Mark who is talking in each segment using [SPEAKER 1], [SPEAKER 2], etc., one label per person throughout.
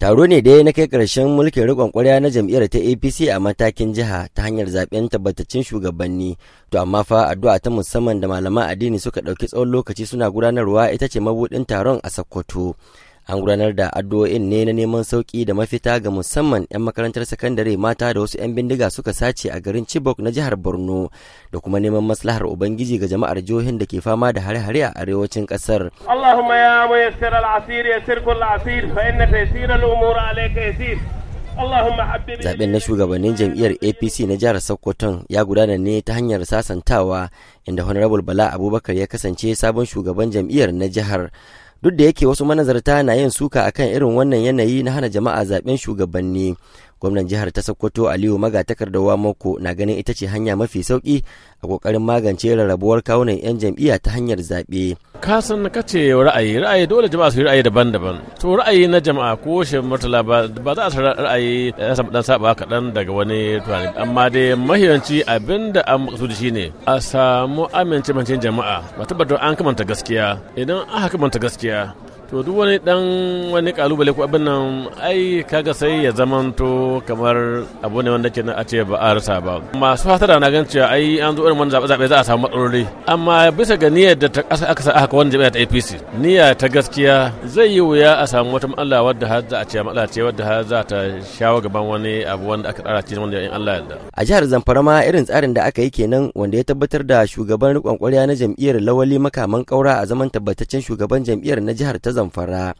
[SPEAKER 1] Taro ne dai na kai ƙarshen mulkin riƙon ƙwarya na jam'iyyar ta APC a matakin jiha ta hanyar zaɓen tabbatacin shugabanni. To amma fa addu'a ta musamman da malaman addini suka ɗauki tsawon lokaci suna gudanarwa ita ce mabuɗin taron a Sokoto. an gudanar da addu'o'in ne na neman sauki da mafita ga musamman 'yan makarantar sakandare mata da wasu 'yan bindiga suka sace a garin chibok na jihar borno da kuma neman maslahar ubangiji ga jama'ar jihohin da ke fama da hare-hare a arewacin kasar
[SPEAKER 2] allahumma ya muyassir al'asir ya fa inna taysir alayka yasir zaben
[SPEAKER 1] na shugabannin jam'iyyar apc na jihar sokoto ya gudana ne ta hanyar sasantawa inda honorable bala abubakar ya kasance sabon shugaban jam'iyyar na jihar duk da yake wasu manazarta na yin suka akan irin wannan yanayi na hana jama'a zaben shugabanni gwamnan jihar ta sokoto aliyu wa moko na ganin ita ce hanya mafi sauki a kokarin magance rarrabuwar kawunan 'yan jam'iyya ta hanyar zaɓe.
[SPEAKER 2] ka san ka ce ra'ayi ra'ayi dole jama'a su yi ra'ayi daban-daban to ra'ayi na jama'a ko shi murtala ba za a sarar ra'ayi ya samu dan saba kaɗan daga wani tunani amma dai mahiyanci abin da an shi ne a samu amince jama'a ba tabbatar an kamanta gaskiya idan aka kamanta gaskiya to duk wani dan wani kalubale ko abin nan ai kaga sai ya zamanto kamar abu ne wanda ke a ce ba a rasa ba masu hasara na gan cewa ai an zo irin wani zaɓe zabe za a samu matsaloli amma bisa ga niyyar da ta ƙasa aka sa aka wani jami'a ta APC niyya ta gaskiya zai yi wuya a samu wata matsala wadda har za a ce matsala ce wadda har za ta shawo gaban wani abu wanda aka tsara cikin wanda in Allah yarda
[SPEAKER 1] a jihar Zamfara ma irin tsarin da aka yi kenan wanda ya tabbatar da shugaban riƙon ƙwarya na jam'iyyar Lawali Makaman Kaura a zaman tabbataccen shugaban jam'iyyar na jihar ta zamfara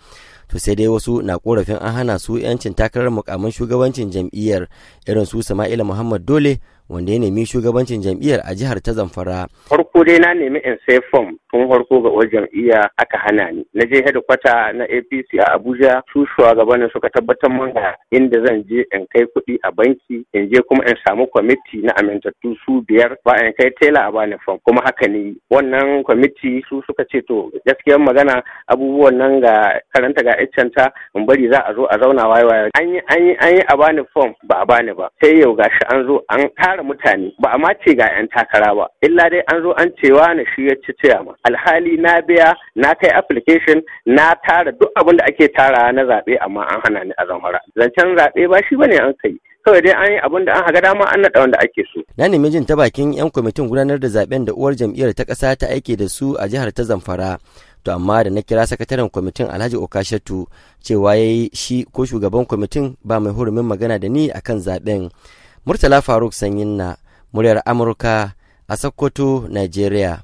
[SPEAKER 1] to sai dai wasu na korafin an hana su 'yancin takarar mukamin shugabancin jam'iyyar irin su sama'ila muhammad dole wanda ya nemi shugabancin jam'iyyar a jihar ta zamfara.
[SPEAKER 3] farko dai na nemi in sai fom tun farko ga wajen jam'iyya aka hana ni na je hedikwata na apc a abuja su shugabannin suka tabbatar man ga inda zan je in kai kuɗi a banki in je kuma in samu kwamiti na amintattu su biyar ba in kai tela a bani fom kuma haka ne wannan kwamiti su suka ce to gaskiyar magana abubuwan nan ga karanta ga iccenta in bari za a zo a zauna wayo an yi an yi an yi a bani form ba a bani ba sai yau gashi an zo an tara mutane ba a ma ga yan takara ba illa dai an zo an cewa na shi ya ci ciyama alhali na biya na kai application na tara duk abin da ake tara na zaɓe amma an hana ni a zamara zancen zaɓe ba shi bane an kai kawai dai an yi abin da an haga dama an naɗa wanda ake so.
[SPEAKER 1] Na nemi jin ta bakin 'yan kwamitin gudanar da zaben da uwar jam'iyyar ta ƙasa ta aike da su a jihar ta Zamfara. to amma da na kira sakataren kwamitin alhaji okashatu cewa ya yi shi ko shugaban kwamitin ba mai hurumin magana da ni akan zaben murtala faruk sanyin na muryar amurka a sokoto nigeria